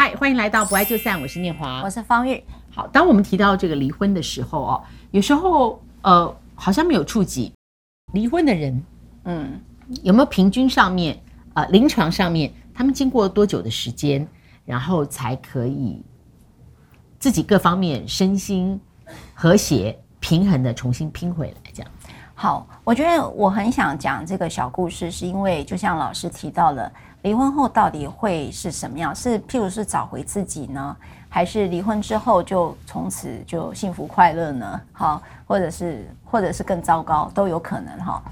嗨，歡迎來到不愛就散，我是念華，我是芳玉。好，當我們提到這個離婚的時候哦，有時候呃，好像沒有觸及離婚的人，嗯，有沒有平均上面呃，臨床上面，他們經過多久的時間，然後才可以自己各方面身心和諧平衡的重新拼回來這樣？好，我覺得我很想講這個小故事，是因為就像老師提到了，離婚後到底會是什麼樣？是譬如是找回自己呢，還是離婚之後就從此就幸福快樂呢？好，或者是或者是更糟糕都有可能哈。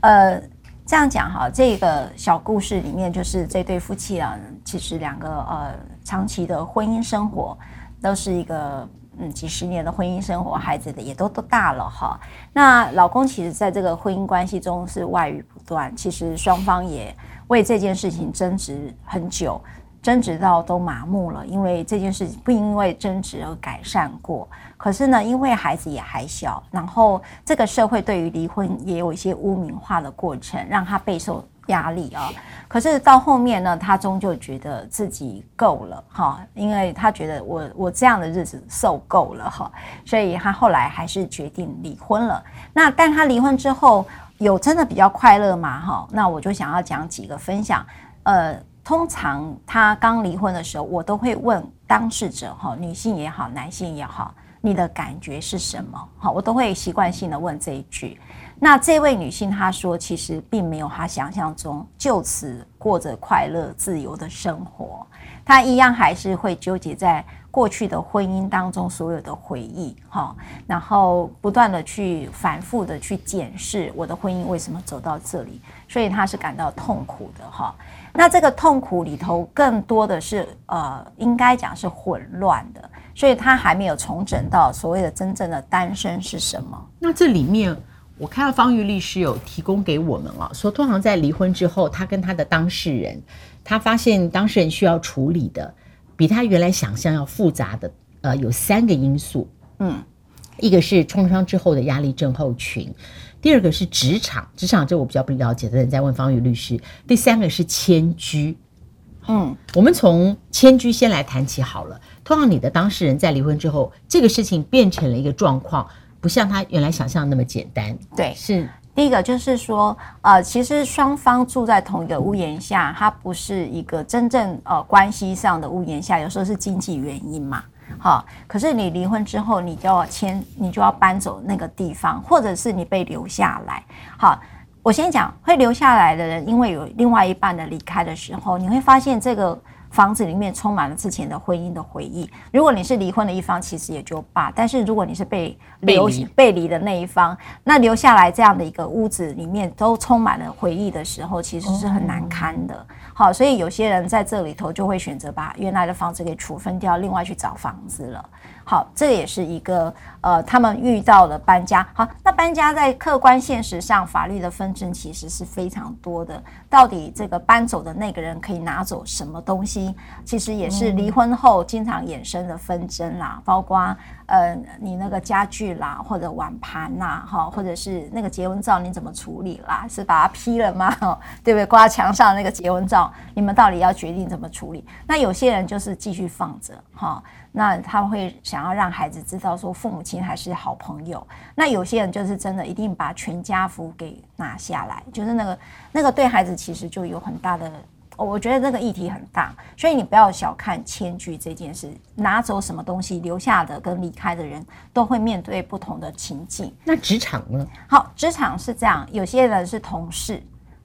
呃，這樣講哈，這個小故事裡面就是這對夫妻兩人，其實兩個呃長期的婚姻生活都是一個。嗯，幾十年的婚姻生活，孩子的也都都大了哈。那老公其實在這個婚姻關係中是外遇不斷，其實雙方也為這件事情爭執很久，爭執到都麻木了，因為這件事情不因為爭執而改善過。可是呢，因為孩子也還小，然後這個社會對於離婚也有一些污名化的過程，讓他備受。壓力啊、哦！可是到後面呢，他終究覺得自己夠了哈，因為他覺得我我這樣的日子受夠了哈，所以他後來還是決定離婚了。那但他離婚之後，有真的比較快樂嗎？哈，那我就想要講幾個分享。呃，通常他剛離婚的時候，我都會問當事者哈，女性也好，男性也好。你的感覺是什麼？好，我都會習慣性的問這一句。那這位女性她說，其實並沒有她想象中就此過着快樂、自由的生活，她一樣還是會糾結在。過去的婚姻當中所有的回憶，哈，然後不斷的去反覆的去檢視我的婚姻為什麼走到這裡，所以他是感到痛苦的，哈。那這個痛苦裡頭更多的是呃，應該講是混亂的，所以他還沒有重整到所謂的真正的單身是什麼。那這裡面我看到芳玉律師有提供給我們了啊，說通常在離婚之後，他跟他的當事人，他發現當事人需要處理的。比他原來想象要複雜的，呃，有三個因素，嗯，一個是創傷之後的壓力症候群，第二個是職場，職場這我比較不了解的，的人在問芳玉律師，第三個是遷居，嗯，我們從遷居先來談起好了。通常你的當事人在離婚之後，這個事情變成了一個狀況，不像他原來想象那麼簡單，對、嗯，是。第一個就是說，呃，其實雙方住在同一個屋檐下，它不是一個真正呃關係上的屋檐下，有時候是經濟原因嘛。好，可是你離婚之後，你就要遷，你就要搬走那個地方，或者是你被留下來。好，我先講會留下來的人，因為有另外一半的離開的時候，你會發現這個。房子裡面充滿了之前的婚姻的回憶。如果你是離婚的一方，其實也就罷；但是如果你是被留、被離的那一方，那留下來這樣的一個屋子裡面都充滿了回憶的時候，其實是很難堪的。嗯。好，所以有些人在這裡頭就會選擇把原來的房子給處分掉，另外去找房子了。好，這也是一個呃，他們遇到了搬家。好，那搬家在客觀現實上，法律的紛爭其實是非常多的。到底這個搬走的那個人可以拿走什麼東西？其實也是離婚後經常衍生的紛爭啦，嗯、包括呃，你那個家具啦，或者碗盤吶，哈，或者是那個結婚照你怎麼處理啦？是把它劈了嗎？對不對？掛牆上那個結婚照，你們到底要決定怎麼處理？那有些人就是繼續放着，哈、哦。那他會想要讓孩子知道，說父母親還是好朋友。那有些人就是真的一定把全家福給拿下來，就是那個那個對孩子其實就有很大的，我覺得那個議題很大，所以你不要小看遷居這件事，拿走什麼東西，留下的跟離開的人都會面對不同的情境。那職場呢？好，職場是這樣，有些人是同事。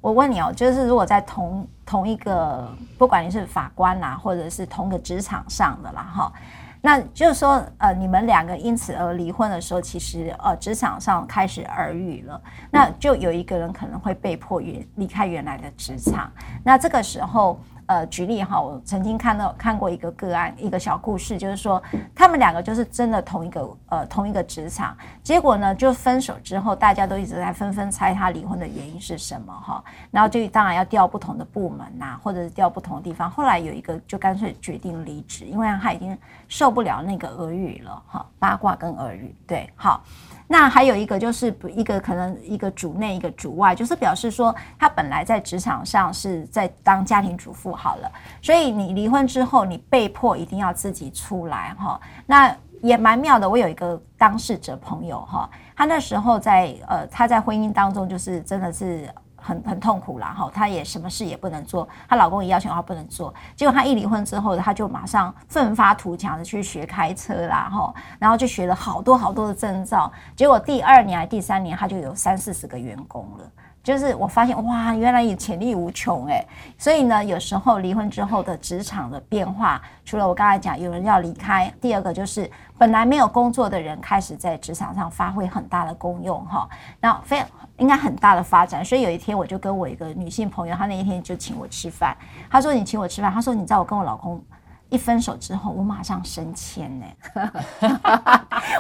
我問你哦，就是如果在同同一個，不管你是法官啦、啊，或者是同個職場上的啦，哈，那就是說，呃，你們兩個因此而離婚的時候，其實呃，職場上開始耳語了，那就有一個人可能會被迫原離開原來的職場，那這個時候。呃，舉例哈，我曾經看到看過一個個案，一個小故事，就是說他們兩個就是真的同一個呃同一個職場，結果呢，就分手之後，大家都一直在紛紛猜他離婚的原因是什麼哈。然後就當然要調不同的部門吶、啊，或者是調不同的地方。後來有一個就乾脆決定離職，因為他已經受不了那個耳語了哈，八卦跟耳語，對，好。那還有一個就是不，一個可能一個主內一個主外，就是表示說他本來在職場上是在當家庭主婦好了，所以你離婚之後你被迫一定要自己出來齁。那也蠻妙的，我有一個當事者朋友齁，他那時候在呃，他在婚姻當中就是真的是。很很痛苦，然後她也什麼事也不能做，她老公也要求她不能做。結果她一離婚之後，她就馬上奮發圖強的去學開車啦，哈、哦！然後就學了好多好多的證照，結果第二年、第三年，她就有三四十個員工了。就是我發現哇，原來你潛力無窮誒。所以呢，有時候離婚之後的職場的變化，除了我剛才講有人要離開，第二個就是本來沒有工作的人開始在職場上發揮很大的功用哈，那非常應該很大的發展。所以有一天我就跟我一個女性朋友，她那一天就請我吃飯，她說你請我吃飯，她說你知道我跟我老公。一分手之後，我馬上升遷呢，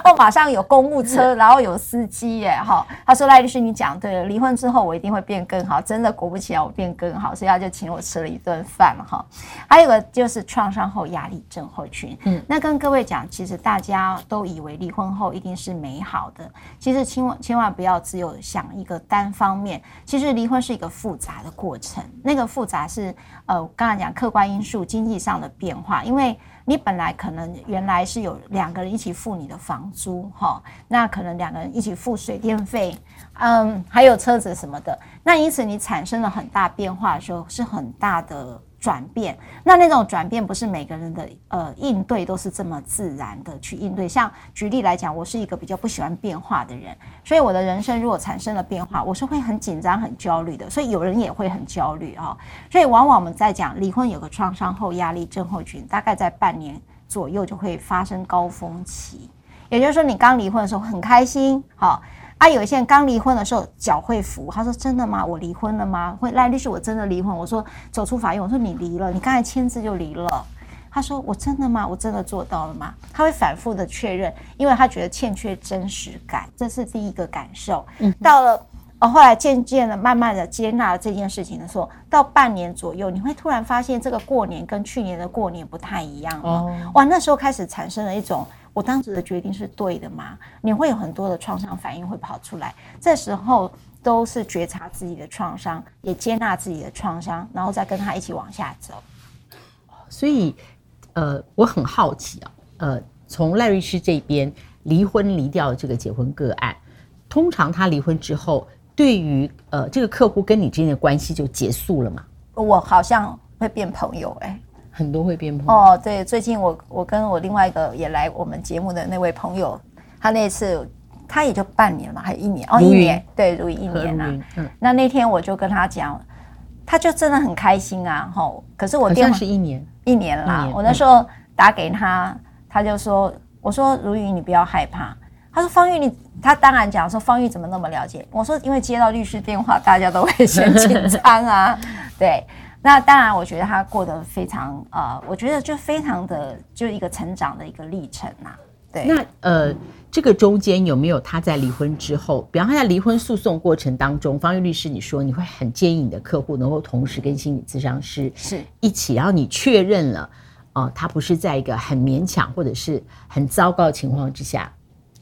我馬上有公務車，然後有司機耶哈。他說賴律師，你講對了，離婚之後我一定會變更好，真的果不其然，我變更好，所以他就請我吃了一頓飯哈。還有一個就是創傷後壓力症候群。嗯，那跟各位講，其實大家都以為離婚後一定是美好的，其實千萬千萬不要只有想一個單方面，其實離婚是一個複雜的過程，那個複雜是呃我剛才講客觀因素，經濟上的變化。因為你本來可能原來是有兩個人一起付你的房租哈，那可能兩個人一起付水電費，嗯，還有車子什麼的，那因此你產生了很大變化的時候是很大的。轉變，那那種轉變不是每個人的呃應對都是這麼自然的去應對。像舉例來講，我是一個比較不喜歡變化的人，所以我的人生如果產生了變化，我是會很緊張、很焦慮的。所以有人也會很焦慮啊、哦。所以往往我們在講離婚有個創傷後壓力症候群，大概在半年左右就會發生高峰期。也就是說，你剛離婚的時候很開心，哈、哦。啊，有一些人剛離婚的時候腳會浮，他說：“真的嗎？我離婚了嗎？”會，賴律師，我真的離婚？我說走出法院，我說你離了，你剛才簽字就離了。他說：“我真的嗎？我真的做到了嗎？”他會反復的確認，因為他覺得欠缺真實感，這是第一個感受。嗯，到了後來漸漸的、慢慢的接納了這件事情的時候，到半年左右，你會突然發現這個過年跟去年的過年不太一樣了、哦。哇，那時候開始產生了一種。我當時的決定是對的嗎？你會有很多的創傷反應會跑出來，這時候都是覺察自己的創傷，也接納自己的創傷，然後再跟他一起往下走。所以，呃，我很好奇啊，呃，從賴律師這邊離婚離掉這個結婚個案，通常他離婚之後，對於呃這個客戶跟你之間的關係就結束了嘛？我好像會變朋友哎、欸。很多會變胖哦。對，最近我我跟我另外一個也來我們節目的那位朋友，他那次他也就半年嘛，還有一年哦，一年對，如云一年啊、嗯嗯。那那天我就跟他講，他就真的很開心啊。吼、哦，可是我電話是一年一年啦一年、嗯。我那時候打給他，他就說：“我說如云，你不要害怕。”他說方：“芳玉，你他當然講說芳玉怎麼那麼了解？”我說：“因為接到律師電話，大家都會先緊張啊。”對。那當然，我覺得他過得非常呃，我覺得就非常的就一個成長的一個歷程吶、啊。對，那呃，這個中間有沒有他在離婚之後，比方他在離婚訴訟過程當中，芳玉律師，你說你會很建議你的客戶能夠同時跟心理諮商師是一起是，然後你確認了啊、呃，他不是在一個很勉強或者是很糟糕的情況之下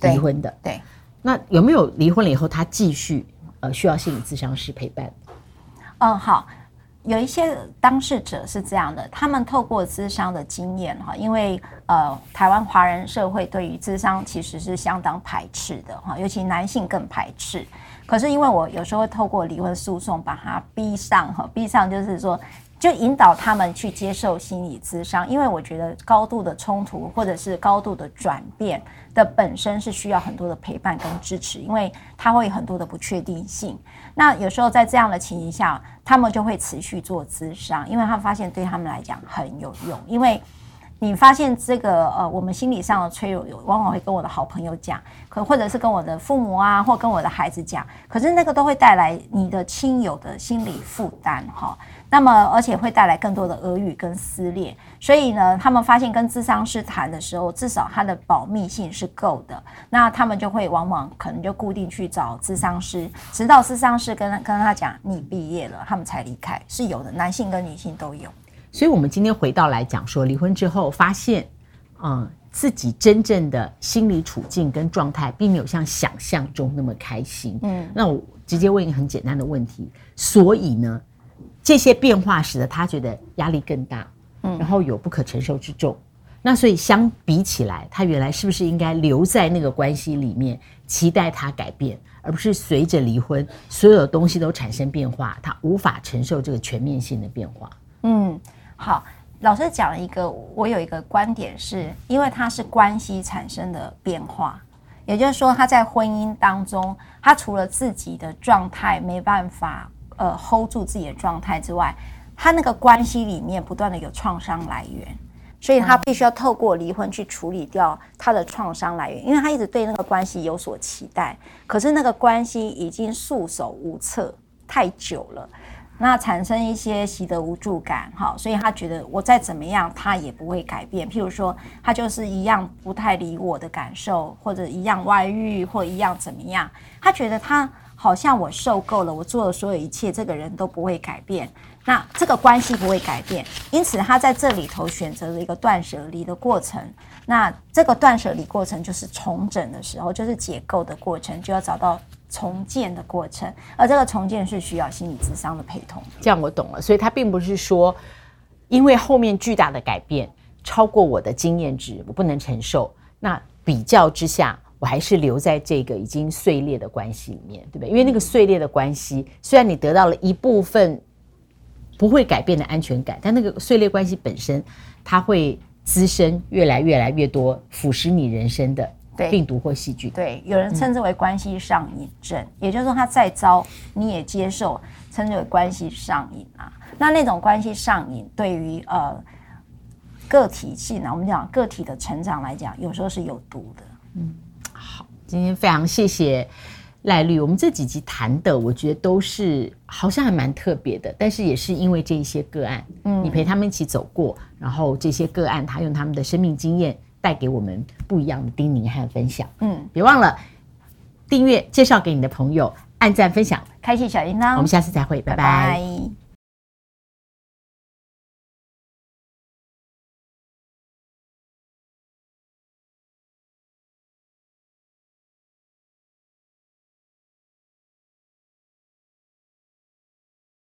離婚的對。對，那有沒有離婚了以後他繼，他繼續呃需要心理諮商師陪伴？嗯，好。有一些當事者是這樣的，他們透過諮商的經驗哈，因為呃台灣華人社會對於諮商其實是相當排斥的哈，尤其男性更排斥。可是因為我有時候會透過離婚訴訟把他逼上哈，逼上就是說。就引導他們去接受心理諮商，因為我覺得高度的衝突或者是高度的轉變的本身是需要很多的陪伴跟支持，因為他會有很多的不確定性。那有時候在這樣的情形下，他們就會持續做諮商，因為他們發現對他們來講很有用，因為。你發現這個呃，我們心理上的脆弱，有往往會跟我的好朋友講，可或者是跟我的父母啊，或跟我的孩子講。可是那個都會帶來你的親友的心理負擔哈、哦。那麼而且會帶來更多的耳語跟撕裂。所以呢，他們發現跟諮商師談的時候，至少他的保密性是夠的。那他們就會往往可能就固定去找諮商師，直到諮商師跟跟他講，你畢業了，他們才離開。是有的，男性跟女性都有。所以，我們今天回到來講說，離婚之後發現，嗯、呃，自己真正的心理處境跟狀態，並沒有像想象中那麼開心。嗯，那我直接問一個很簡單的問題。所以呢，這些變化使得他覺得壓力更大，嗯，然後有不可承受之重。嗯、那所以，相比起來，他原來是不是應該留在那個關係裡面，期待他改變，而不是隨着離婚，所有的東西都產生變化，他無法承受這個全面性的變化？嗯。好，老師講了一個，我有一個觀點是，是因為他是關係產生的變化，也就是說，他在婚姻當中，他除了自己的狀態沒辦法呃 hold 住自己的狀態之外，他那個關係裡面不斷的有創傷來源，所以他必須要透過離婚去處理掉他的創傷來源。嗯，因為他一直對那個關係有所期待，可是那個關係已經束手無策太久了。那產生一些習得無助感，哈，所以他覺得我再怎麼樣，他也不會改變。譬如說，他就是一樣不太理我的感受，或者一樣外遇，或一樣怎麼樣。他覺得他好像我受夠了，我做的所有一切，這個人都不會改變，那這個關係不會改變。因此，他在這裡頭選擇了一個斷捨離的過程。那這個斷捨離過程就是重整的時候，就是解構的過程，就要找到。重建的過程，而這個重建是需要心理諮商的陪同。這樣我懂了，所以它並不是說，因為後面巨大的改變超過我的經驗值，我不能承受。那比較之下，我還是留在這個已經碎裂的關係裡面，對不對？因為那個碎裂的關係，雖然你得到了一部分不會改變的安全感，但那個碎裂關係本身，它會滋生越來越來越多腐蝕你人生的。對病毒或細菌，對，有人稱之為關係上癮症。嗯，也就是說他再糟你也接受，稱之為關係上癮啊。那那種關係上癮對於呃個體性呢，我們講個體的成長來講，有時候是有毒的。嗯，好，今天非常謝謝賴律，我們這幾集談的，我覺得都是好像還蠻特別的，但是也是因為這一些個案，嗯，你陪他們一起走過，然後這些個案他用他們的生命經驗。帶給我們不一樣的叮嚀和分享。嗯，別忘了訂閱、介紹給你的朋友、按讚、分享、開啟小鈴鐺。我們下次再會，拜拜。拜拜。